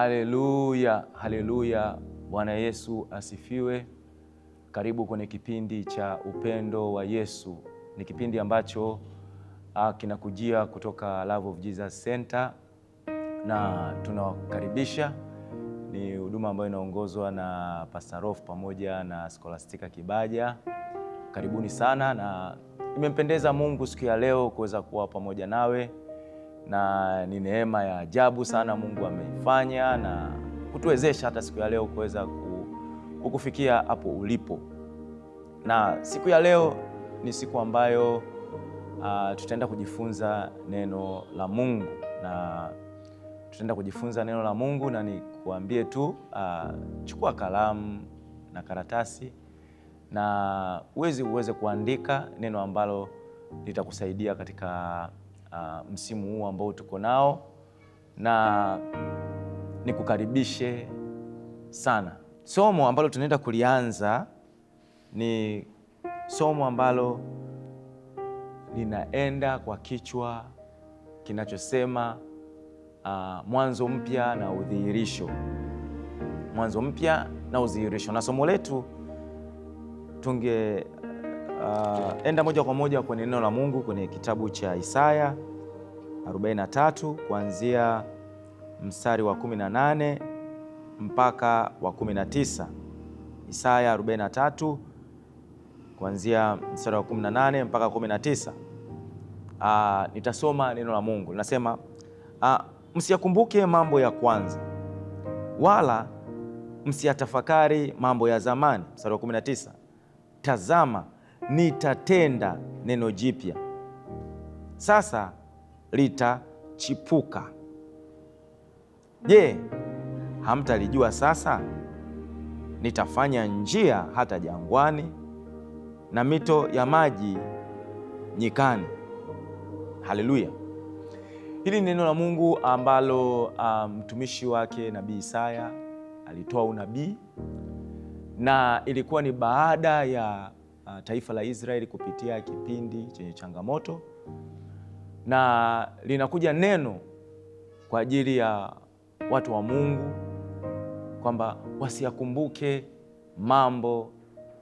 Haleluya, haleluya. Bwana Yesu asifiwe. Karibu kwenye kipindi cha upendo wa Yesu. Ni kipindi ambacho ah, kinakujia kutoka Love of Jesus Center na tunawakaribisha. Ni huduma ambayo inaongozwa na Pastor Rolf pamoja na Scholastica Kibaja. Karibuni sana, na imempendeza Mungu siku ya leo kuweza kuwa pamoja nawe na ni neema ya ajabu sana Mungu ameifanya na kutuwezesha hata siku ya leo kuweza kukufikia hapo ulipo. Na siku ya leo ni siku ambayo uh, tutaenda kujifunza neno la Mungu na tutaenda kujifunza neno la Mungu na nikuambie tu uh, chukua kalamu na karatasi na uwezi uweze kuandika neno ambalo litakusaidia katika uh, msimu huu ambao tuko nao, na nikukaribishe sana. Somo ambalo tunaenda kulianza ni somo ambalo linaenda kwa kichwa kinachosema uh, mwanzo mpya na udhihirisho. Mwanzo mpya na udhihirisho, na somo letu tunge Uh, enda moja kwa moja kwenye neno la Mungu kwenye kitabu cha Isaya 43 kuanzia mstari wa 18 mpaka wa 19. Isaya 43 kuanzia mstari wa 18 mpaka 19. Uh, ah, nitasoma neno la Mungu linasema, uh, msiyakumbuke mambo ya kwanza wala msiyatafakari mambo ya zamani. Mstari wa 19, tazama nitatenda neno jipya, sasa litachipuka. Je, hamtalijua sasa? Nitafanya njia hata jangwani na mito ya maji nyikani. Haleluya! Hili ni neno la Mungu ambalo ah, mtumishi um, wake nabii Isaya alitoa unabii, na ilikuwa ni baada ya Uh, taifa la Israeli kupitia kipindi chenye changamoto, na linakuja neno kwa ajili ya watu wa Mungu kwamba wasiyakumbuke mambo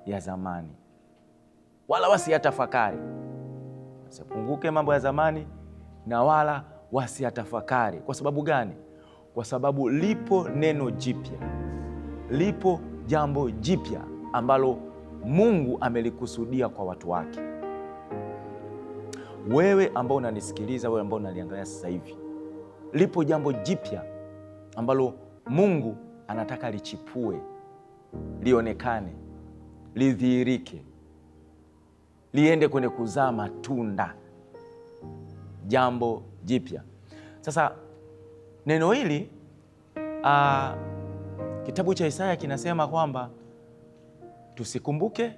ya zamani wala wasiyatafakari, wasiyakumbuke mambo ya zamani na wala wasiyatafakari. Kwa sababu gani? Kwa sababu lipo neno jipya, lipo jambo jipya ambalo Mungu amelikusudia kwa watu wake. Wewe ambao unanisikiliza, wewe ambao unaliangalia sasa hivi, lipo jambo jipya ambalo Mungu anataka lichipue, lionekane, lidhihirike, liende kwenye kuzaa matunda, jambo jipya. Sasa neno hili ah, kitabu cha Isaya kinasema kwamba tusikumbuke,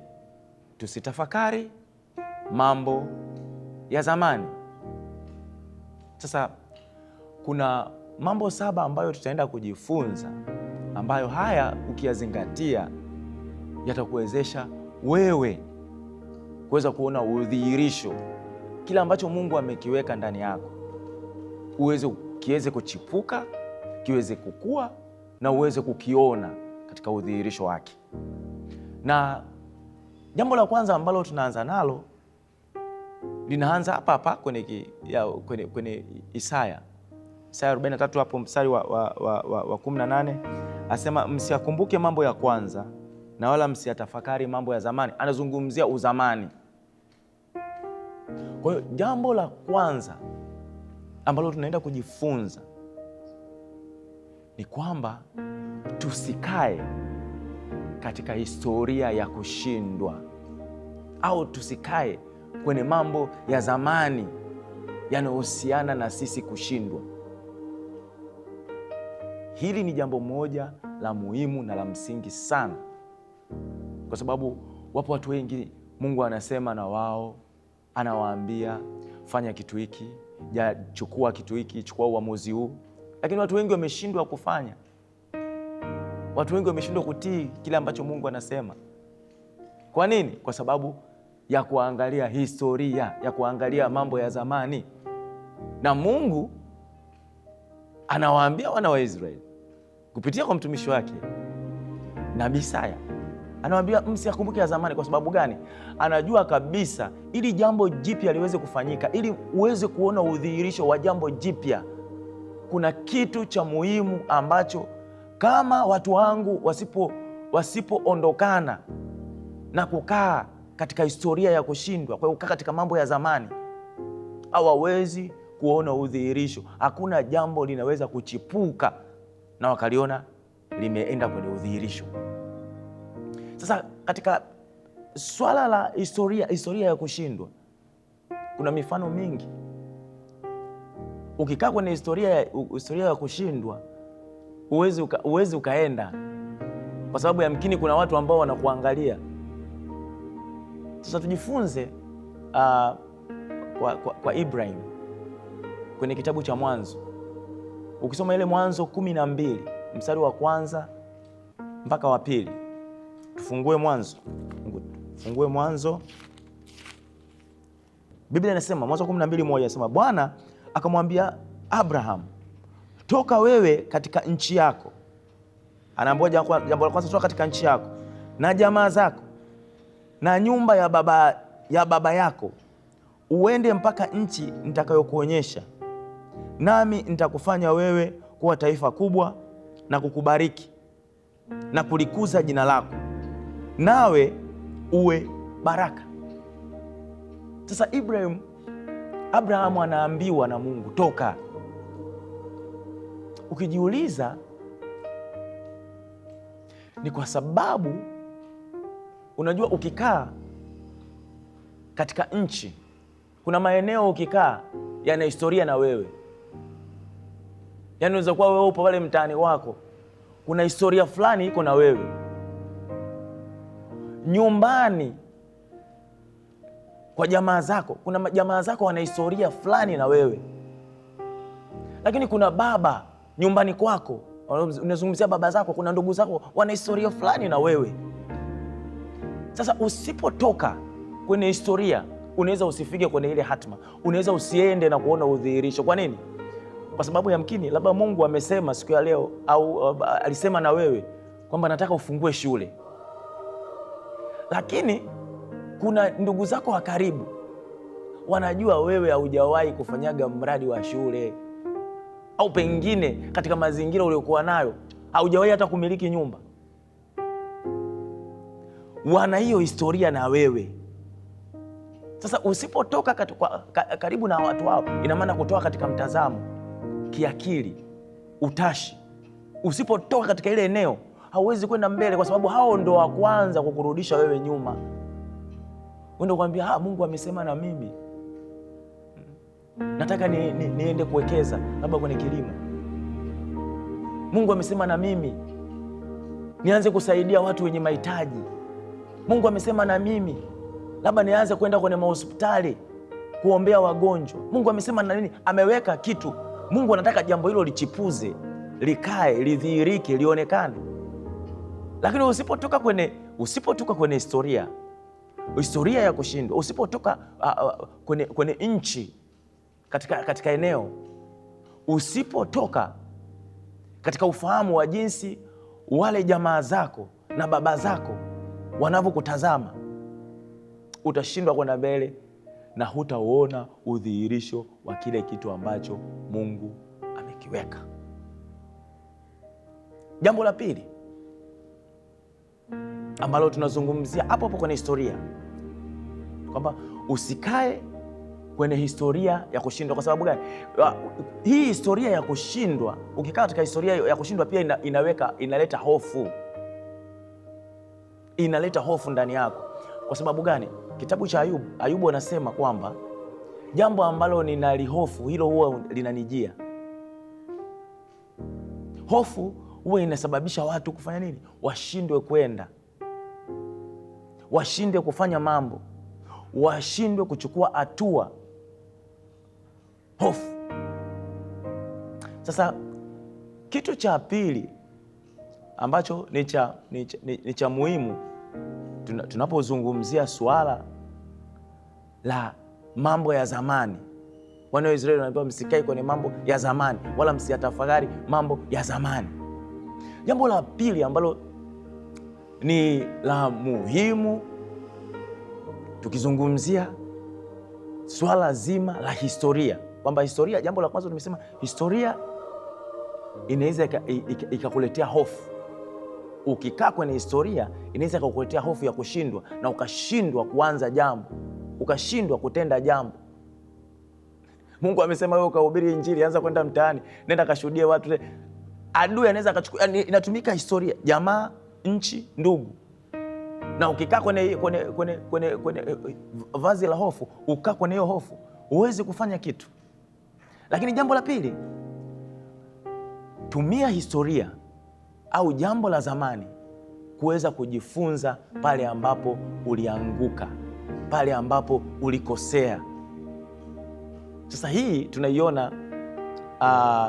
tusitafakari mambo ya zamani. Sasa kuna mambo saba ambayo tutaenda kujifunza, ambayo haya ukiyazingatia yatakuwezesha wewe kuweza kuona udhihirisho kila ambacho Mungu amekiweka ndani yako, uweze kiweze kuchipuka, kiweze kukua na uweze kukiona katika udhihirisho wake. Na jambo la kwanza ambalo tunaanza nalo linaanza hapa hapa kwenye, kwenye, kwenye Isaya Isaya 43 hapo mstari wa, wa, wa, wa, wa 18 asema, msiyakumbuke mambo ya kwanza na wala msiyatafakari mambo ya zamani. Anazungumzia uzamani. Kwa hiyo jambo la kwanza ambalo tunaenda kujifunza ni kwamba tusikae katika historia ya kushindwa, au tusikae kwenye mambo ya zamani yanayohusiana na sisi kushindwa. Hili ni jambo moja la muhimu na la msingi sana, kwa sababu wapo watu wengi Mungu anasema na wao, anawaambia fanya kitu hiki, chukua kitu hiki, chukua uamuzi huu, lakini watu wengi wameshindwa kufanya. Watu wengi wameshindwa kutii kile ambacho Mungu anasema. Kwa nini? Kwa sababu ya kuangalia historia, ya kuangalia mambo ya zamani. Na Mungu anawaambia wana wa Israeli kupitia kwa mtumishi wake Nabii Isaya, anawaambia msiakumbuke ya zamani. Kwa sababu gani? Anajua kabisa ili jambo jipya liweze kufanyika, ili uweze kuona udhihirisho wa jambo jipya, kuna kitu cha muhimu ambacho kama watu wangu wasipo wasipoondokana na kukaa katika historia ya kushindwa, kwa kukaa katika mambo ya zamani, hawawezi kuona udhihirisho. Hakuna jambo linaweza kuchipuka na wakaliona limeenda kwenye udhihirisho. Sasa katika swala la historia, historia ya kushindwa, kuna mifano mingi. Ukikaa kwenye historia, historia ya kushindwa huwezi uka, huwezi ukaenda kwa sababu yamkini kuna watu ambao wanakuangalia. Sasa tujifunze uh, kwa, kwa, kwa Ibrahim kwenye kitabu cha Mwanzo. Ukisoma ile Mwanzo kumi na mbili mstari wa kwanza mpaka wa pili, tufungue Mwanzo, tufungue Mwanzo. Biblia inasema Mwanzo 12:1 inasema Bwana akamwambia Abraham toka wewe katika nchi yako, anaambia jambo la kwanza, toka katika nchi yako na jamaa zako na nyumba ya baba, ya baba yako uende mpaka nchi nitakayokuonyesha, nami nitakufanya wewe kuwa taifa kubwa na kukubariki na kulikuza jina lako, nawe uwe baraka. Sasa Ibrahim, Abrahamu anaambiwa na Mungu toka ukijiuliza ni kwa sababu unajua, ukikaa katika nchi, kuna maeneo ukikaa yana historia na wewe, yaani unaweza kuwa wewe upo pale mtaani wako, kuna historia fulani iko na wewe. Nyumbani kwa jamaa zako, kuna jamaa zako wana historia fulani na wewe, lakini kuna baba nyumbani kwako, unazungumzia baba zako, kuna ndugu zako wana historia fulani na wewe. Sasa usipotoka kwenye historia, unaweza usifike kwenye ile hatima, unaweza usiende na kuona udhihirisho. Kwa nini? Kwa sababu yamkini labda Mungu amesema siku ya leo au uh, alisema na wewe kwamba nataka ufungue shule, lakini kuna ndugu zako wa karibu wanajua wewe haujawahi kufanyaga mradi wa shule au pengine katika mazingira uliokuwa nayo haujawahi hata kumiliki nyumba, wana hiyo historia na wewe. Sasa usipotoka katika, karibu na watu hao, ina maana kutoka katika mtazamo kiakili, utashi. Usipotoka katika ile eneo hauwezi kwenda mbele, kwa sababu hao ndo wa kwanza kukurudisha wewe nyuma. Uende kuambia, ah, Mungu amesema na mimi nataka ni, ni, niende kuwekeza labda kwenye kilimo. Mungu amesema na mimi nianze kusaidia watu wenye mahitaji. Mungu amesema na mimi labda nianze kwenda kwenye mahospitali kuombea wagonjwa. Mungu amesema na nini, ameweka kitu. Mungu anataka jambo hilo lichipuze, likae, lidhihirike, lionekane. Lakini usipotoka kwenye usipotoka kwenye historia historia ya kushindwa, usipotoka uh, uh, kwenye, kwenye nchi katika, katika eneo, usipotoka katika ufahamu wa jinsi wale jamaa zako na baba zako wanavyokutazama, utashindwa kwenda mbele na hutauona udhihirisho wa kile kitu ambacho Mungu amekiweka. Jambo la pili ambalo tunazungumzia hapo hapo kwenye historia kwamba usikae kwenye historia ya kushindwa. Kwa sababu gani? Ah, hii historia ya kushindwa, ukikaa katika historia ya kushindwa pia ina, inaweka inaleta hofu, inaleta hofu ndani yako. Kwa sababu gani? Kitabu cha Ayubu, Ayubu anasema kwamba jambo ambalo ninalihofu hilo huwa linanijia. Hofu huwa inasababisha watu kufanya nini? Washindwe kwenda, washindwe kufanya mambo, washindwe kuchukua hatua hofu. Sasa kitu cha pili ambacho ni cha, ni cha, ni cha muhimu tunapozungumzia suala la mambo ya zamani, wana wa Israeli wanaambiwa msikae kwenye mambo ya zamani, wala msiyatafakari mambo ya zamani. Jambo la pili ambalo ni la muhimu tukizungumzia swala zima la historia kwamba historia, jambo la kwanza nimesema historia inaweza ikakuletea hofu. Ukikaa kwenye historia inaweza ikakuletea hofu ya kushindwa, na ukashindwa kuanza jambo, ukashindwa kutenda jambo. Mungu amesema wewe ukahubiri Injili, anza kwenda mtaani, nenda kashuhudie watu. Adui anaweza akachukua. Inatumika historia, jamaa, nchi, ndugu na ukikaa kwenye kwenye kwenye kwenye eh, vazi la hofu, ukaa kwenye hiyo hofu, huwezi kufanya kitu. Lakini jambo la pili, tumia historia au jambo la zamani kuweza kujifunza pale ambapo ulianguka, pale ambapo ulikosea. Sasa hii tunaiona uh,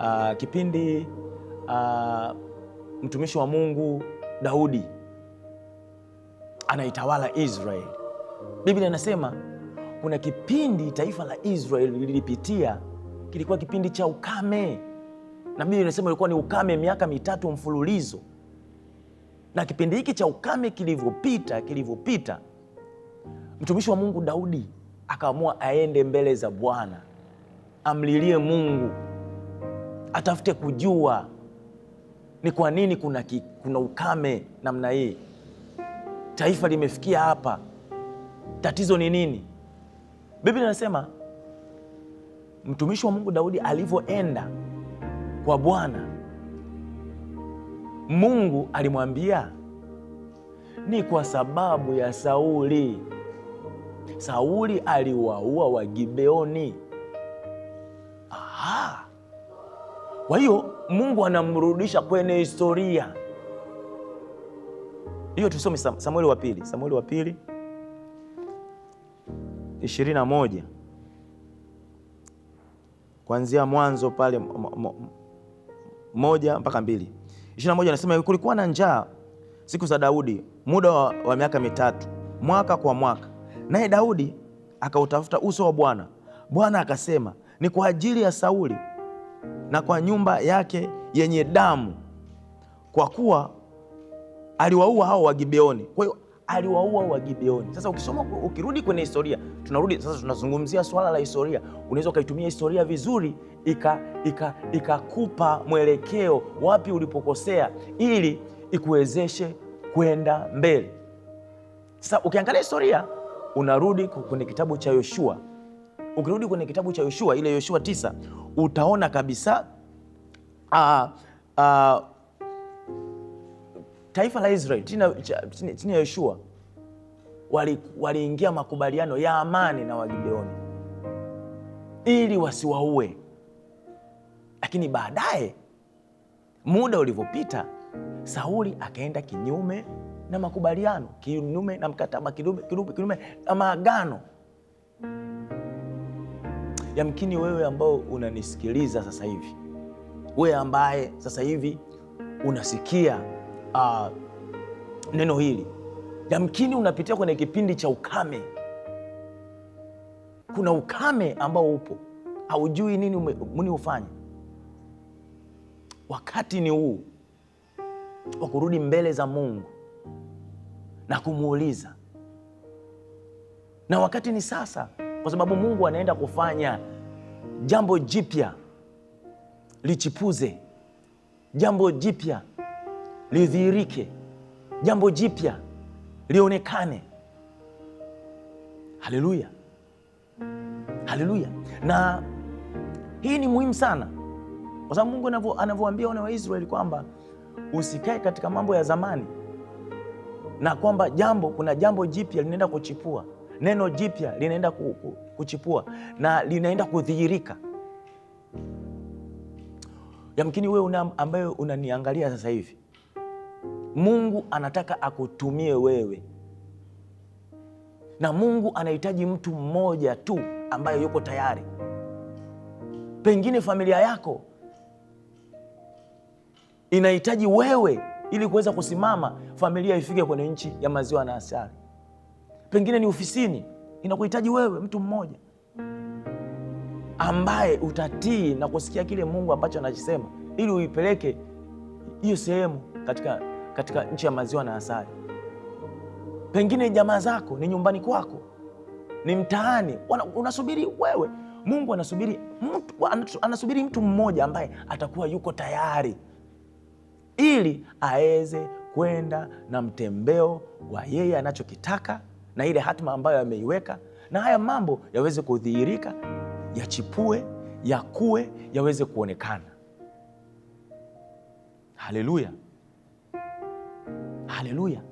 uh, kipindi uh, mtumishi wa Mungu Daudi anaitawala Israeli. Biblia inasema kuna kipindi taifa la israel lilipitia, kilikuwa kipindi cha ukame, na Biblia inasema ilikuwa ni ukame miaka mitatu mfululizo. Na kipindi hiki cha ukame kilivyopita, kilivyopita, mtumishi wa Mungu Daudi akaamua aende mbele za Bwana, amlilie Mungu, atafute kujua ni kwa nini kuna, ki, kuna ukame namna hii, taifa limefikia hapa, tatizo ni nini? Biblia inasema mtumishi wa Mungu Daudi alivyoenda kwa Bwana, Mungu alimwambia ni kwa sababu ya Sauli. Sauli aliwaua Wagibeoni. Aha. Kwa hiyo Mungu anamrudisha kwenye historia hiyo, tusome Samueli wa pili, Samueli wa pili 21 kuanzia mwanzo pale moja mpaka mbili. moja anasema kulikuwa na njaa siku za Daudi muda wa, wa miaka mitatu mwaka kwa mwaka, naye Daudi akautafuta uso wa Bwana. Bwana akasema ni kwa ajili ya Sauli na kwa nyumba yake yenye damu, kwa kuwa aliwaua hao Wagibeoni. Kwa hiyo aliwaua Wagibeoni. Sasa ukisoma ukirudi kwenye historia, tunarudi sasa, tunazungumzia swala la historia. Unaweza ukaitumia historia vizuri, ikakupa ika, ika mwelekeo wapi ulipokosea, ili ikuwezeshe kwenda mbele. Sasa ukiangalia historia, unarudi kwenye kitabu cha Yoshua. Ukirudi kwenye kitabu cha Yoshua, ile Yoshua tisa, utaona kabisa uh, uh, taifa la Israeli chini ya Yoshua waliingia wali makubaliano ya amani na Wagibeoni ili wasiwaue, lakini baadaye muda ulivyopita, Sauli akaenda kinyume na makubaliano, kinyume na mkataba, kinyume na maagano. Yamkini wewe ambao unanisikiliza sasa hivi, wewe ambaye sasa hivi unasikia uh, neno hili. Yamkini unapitia kwenye kipindi cha ukame. Kuna ukame ambao upo, haujui nini muni ufanye. Wakati ni huu wa kurudi mbele za Mungu na kumuuliza, na wakati ni sasa, kwa sababu Mungu anaenda kufanya jambo jipya. Lichipuze jambo jipya lidhihirike, jambo jipya lionekane. Haleluya, haleluya! Na hii ni muhimu sana, kwa sababu Mungu anavyoambia wana wa Israeli kwamba usikae katika mambo ya zamani, na kwamba jambo kuna jambo jipya linaenda kuchipua, neno jipya linaenda kuchipua na linaenda kudhihirika. Yamkini wewe una ambayo unaniangalia sasa hivi Mungu anataka akutumie wewe, na Mungu anahitaji mtu mmoja tu ambaye yuko tayari. Pengine familia yako inahitaji wewe ili kuweza kusimama, familia ifike kwenye nchi ya maziwa na asali. Pengine ni ofisini, inakuhitaji wewe, mtu mmoja ambaye utatii na kusikia kile Mungu ambacho anakisema, ili uipeleke hiyo sehemu katika katika nchi ya maziwa na asali. Pengine jamaa zako ni nyumbani kwako, ni mtaani, unasubiri wewe. Mungu anasubiri mtu, anasubiri mtu mmoja ambaye atakuwa yuko tayari ili aweze kwenda na mtembeo wa yeye anachokitaka na ile hatima ambayo ameiweka, na haya mambo yaweze kudhihirika, yachipue, yakue, yaweze kuonekana. Haleluya! Haleluya.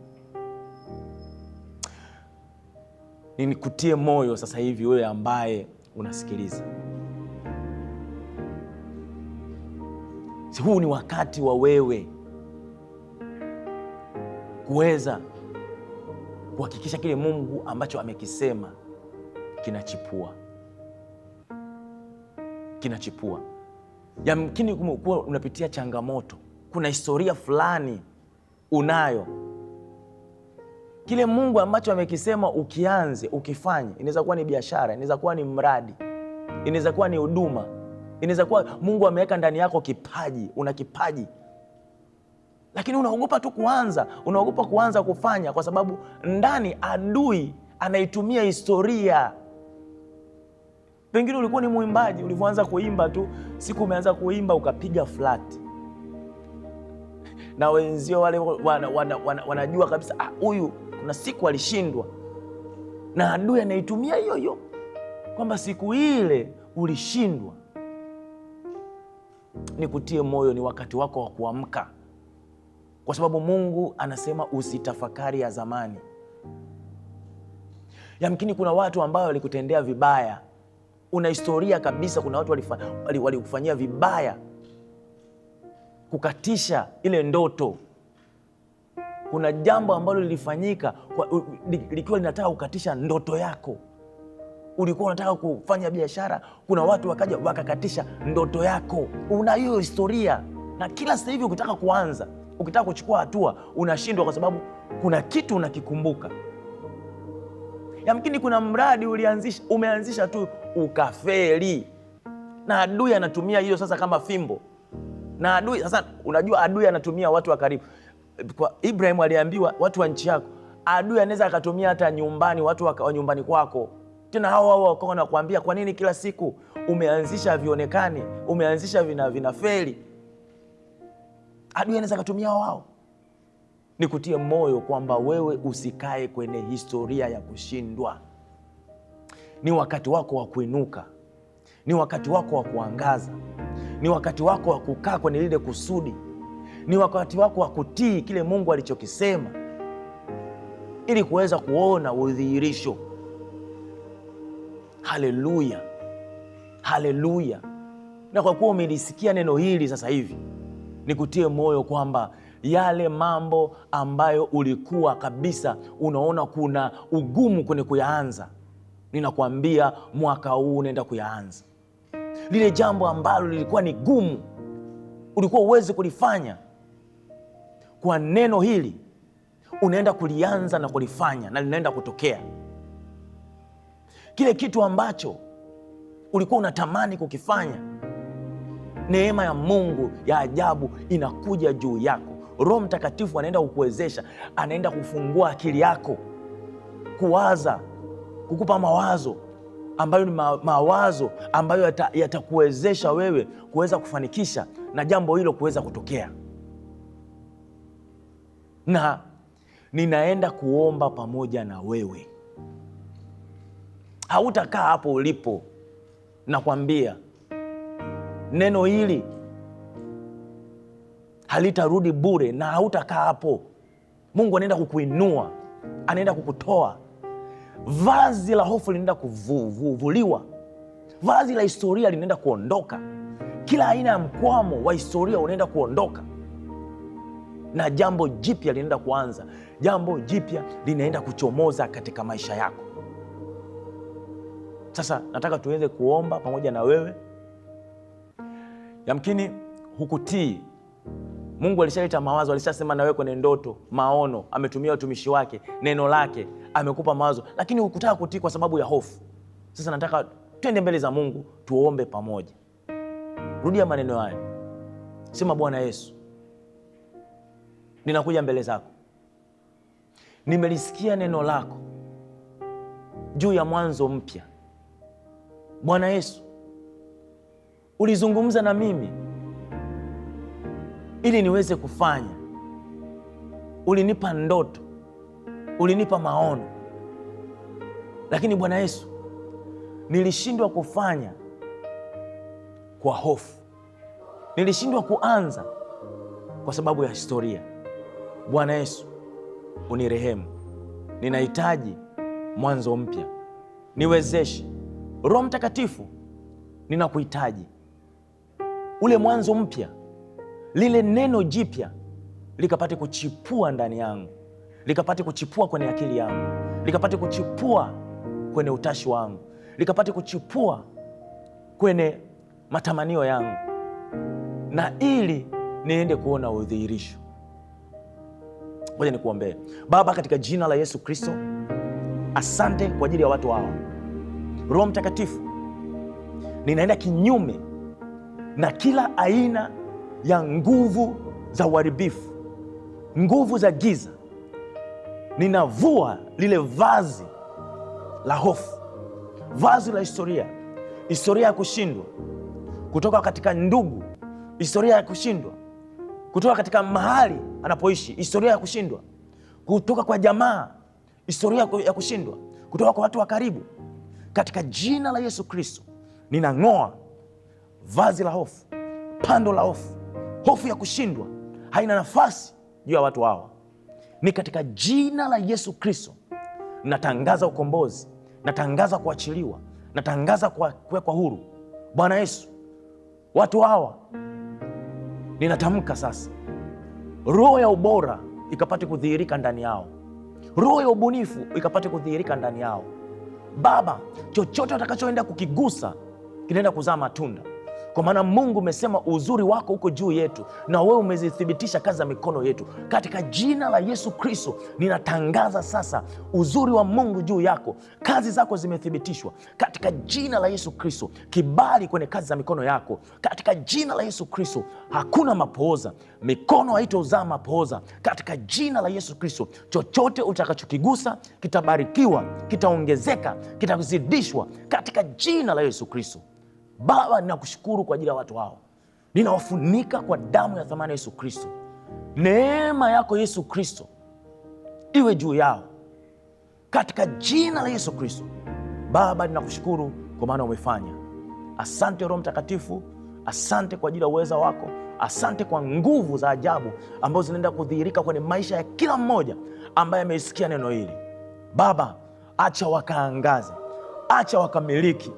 Nikutie moyo sasa hivi wewe ambaye unasikiliza, si huu ni wakati wa wewe kuweza kuhakikisha kile Mungu ambacho amekisema kinachipua, kinachipua. Yamkini kuwa unapitia changamoto, kuna historia fulani unayo. Kile Mungu ambacho amekisema ukianze, ukifanye, inaweza kuwa ni biashara, inaweza kuwa ni mradi, inaweza kuwa ni huduma, inaweza kuwa Mungu ameweka ndani yako kipaji, una kipaji lakini unaogopa tu kuanza, unaogopa kuanza kufanya, kwa sababu ndani adui anaitumia historia. Pengine ulikuwa ni mwimbaji, ulivyoanza kuimba tu, siku umeanza kuimba ukapiga flati, na wenzio wale wana, wana, wana, wanajua kabisa ah, huyu ah, kuna siku alishindwa na adui anaitumia hiyo hiyo kwamba siku ile ulishindwa. Nikutie moyo, ni wakati wako wa kuamka, kwa sababu Mungu anasema usitafakari ya zamani. Yamkini kuna watu ambao walikutendea vibaya, una historia kabisa, kuna watu walikufanyia vibaya kukatisha ile ndoto. Kuna jambo ambalo lilifanyika likiwa linataka kukatisha ndoto yako. Ulikuwa unataka kufanya biashara, kuna watu wakaja wakakatisha ndoto yako. Una hiyo historia, na kila sasa hivi ukitaka kuanza, ukitaka kuchukua hatua, unashindwa kwa sababu kuna kitu unakikumbuka. Yamkini kuna mradi ulianzisha, umeanzisha tu ukafeli, na adui anatumia hiyo sasa kama fimbo na adui. Sasa unajua adui anatumia watu wa karibu. Kwa Ibrahim aliambiwa watu wa nchi yako, adui anaweza akatumia hata nyumbani, watu wa nyumbani kwako. Tena hao hao wako wanakuambia, kwa nini kila siku umeanzisha vionekani, umeanzisha vina vina feli. Adui anaweza akatumia wao nikutie moyo kwamba wewe usikae kwenye historia ya kushindwa. Ni wakati wako wa kuinuka, ni wakati wako wa kuangaza ni wakati wako wa kukaa kwenye lile kusudi, ni wakati wako wa kutii kile Mungu alichokisema ili kuweza kuona udhihirisho. Haleluya, haleluya! Na kwa kuwa umelisikia neno hili sasa hivi, nikutie moyo kwamba yale mambo ambayo ulikuwa kabisa unaona kuna ugumu kwenye kuyaanza, ninakwambia mwaka huu unaenda kuyaanza lile jambo ambalo lilikuwa ni gumu, ulikuwa uwezi kulifanya, kwa neno hili unaenda kulianza na kulifanya, na linaenda kutokea kile kitu ambacho ulikuwa unatamani kukifanya. Neema ya Mungu ya ajabu inakuja juu yako. Roho Mtakatifu anaenda kukuwezesha, anaenda kufungua akili yako kuwaza, kukupa mawazo ambayo ni mawazo ambayo yatakuwezesha yata wewe kuweza kufanikisha na jambo hilo kuweza kutokea. Na ninaenda kuomba pamoja na wewe, hautakaa hapo ulipo. Nakwambia neno hili halitarudi bure na hautakaa hapo. Mungu anaenda kukuinua, anaenda kukutoa Vazi la hofu linaenda kuvuliwa, vazi la historia linaenda kuondoka, kila aina ya mkwamo wa historia unaenda kuondoka na jambo jipya linaenda kuanza. Jambo jipya linaenda kuchomoza katika maisha yako. Sasa nataka tuweze kuomba pamoja na wewe. Yamkini hukutii. Mungu alishaleta mawazo, alishasema na wewe kwenye ndoto, maono, ametumia watumishi wake, neno lake amekupa mawazo, lakini hukutaka kutii kwa sababu ya hofu. Sasa nataka twende mbele za Mungu tuombe pamoja. Rudia maneno haya, sema: Bwana Yesu, ninakuja mbele zako, nimelisikia neno lako juu ya mwanzo mpya. Bwana Yesu, ulizungumza na mimi ili niweze kufanya, ulinipa ndoto ulinipa maono, lakini Bwana Yesu nilishindwa kufanya kwa hofu, nilishindwa kuanza kwa sababu ya historia. Bwana Yesu unirehemu, ninahitaji mwanzo mpya, niwezeshe. Roho Mtakatifu, ninakuhitaji ule mwanzo mpya, lile neno jipya likapate kuchipua ndani yangu likapate kuchipua kwenye akili yangu, likapate kuchipua kwenye utashi wangu, likapate kuchipua kwenye matamanio yangu, na ili niende kuona udhihirisho. Ngoja nikuombee. Baba, katika jina la Yesu Kristo, asante kwa ajili ya watu hawa. Roho Mtakatifu, ninaenda kinyume na kila aina ya nguvu za uharibifu, nguvu za giza ninavua lile vazi la hofu, vazi la historia, historia ya kushindwa kutoka katika ndugu, historia ya kushindwa kutoka katika mahali anapoishi, historia ya kushindwa kutoka kwa jamaa, historia ya kushindwa kutoka kwa watu wa karibu. Katika jina la Yesu Kristo ninang'oa vazi la hofu, pando la hofu. Hofu ya kushindwa haina nafasi juu ya watu hawa. Ni katika jina la Yesu Kristo natangaza ukombozi, natangaza kuachiliwa, natangaza kuwekwa huru. Bwana Yesu, watu hawa ninatamka sasa, roho ya ubora ikapate kudhihirika ndani yao, roho ya ubunifu ikapate kudhihirika ndani yao. Baba, chochote watakachoenda kukigusa kinaenda kuzaa matunda kwa maana Mungu umesema uzuri wako uko juu yetu, na wewe umezithibitisha kazi za mikono yetu. Katika jina la Yesu Kristo ninatangaza sasa uzuri wa Mungu juu yako, kazi zako zimethibitishwa katika jina la Yesu Kristo, kibali kwenye kazi za mikono yako katika jina la Yesu Kristo. Hakuna mapooza, mikono haitozaa mapooza katika jina la Yesu Kristo. Chochote utakachokigusa kitabarikiwa, kitaongezeka, kitazidishwa katika jina la Yesu Kristo. Baba, ninakushukuru kwa ajili ya watu hao, ninawafunika kwa damu ya thamani ya Yesu Kristo. Neema yako Yesu Kristo iwe juu yao katika jina la Yesu Kristo. Baba, ninakushukuru kwa maana umefanya. Asante Roho Mtakatifu, asante kwa ajili ya uweza wako, asante kwa nguvu za ajabu ambazo zinaenda kudhihirika kwenye maisha ya kila mmoja ambaye ameisikia neno hili. Baba, acha wakaangaze, acha wakamiliki.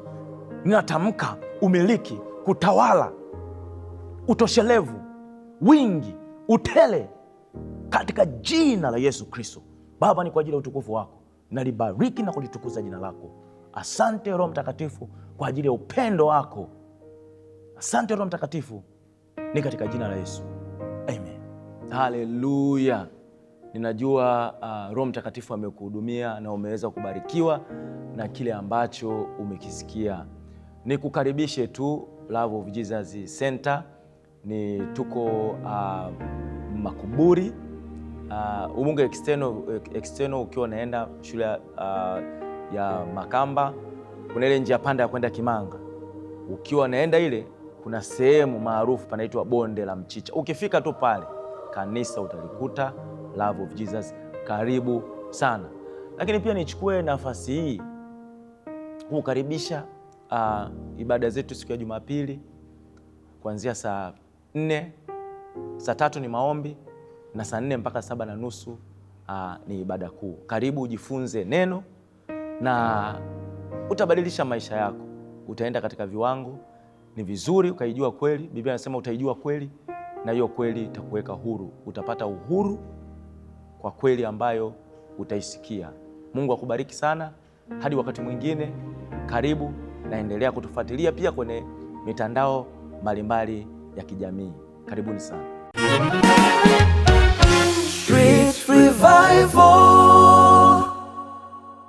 Ninatamka umiliki, kutawala, utoshelevu, wingi, utele, katika jina la Yesu Kristo. Baba, ni kwa ajili ya utukufu wako, nalibariki na kulitukuza jina lako. Asante Roho Mtakatifu kwa ajili ya upendo wako. Asante Roho Mtakatifu, ni katika jina la Yesu, amen. Haleluya. Ninajua uh, Roho Mtakatifu amekuhudumia na umeweza kubarikiwa na kile ambacho umekisikia. Nikukaribishe tu Love of Jesus Center, ni tuko uh, Makuburi uh, Umunge external, external ukiwa unaenda shule uh, ya Makamba kuna ile njia panda ya kwenda Kimanga, ukiwa unaenda ile kuna sehemu maarufu panaitwa bonde la mchicha. Ukifika tu pale kanisa utalikuta Love of Jesus, karibu sana. Lakini pia nichukue nafasi hii kukaribisha uh, ibada zetu siku ya Jumapili kuanzia saa nne, saa tatu ni maombi na saa nne mpaka saba na nusu uh, ni ibada kuu. Karibu ujifunze neno na utabadilisha maisha yako, utaenda katika viwango. Ni vizuri ukaijua kweli. Biblia anasema utaijua kweli na hiyo kweli itakuweka huru. Utapata uhuru kwa kweli ambayo utaisikia. Mungu akubariki sana. Hadi wakati mwingine, karibu na endelea kutufuatilia pia kwenye mitandao mbalimbali ya kijamii. Karibuni sana Street Revival.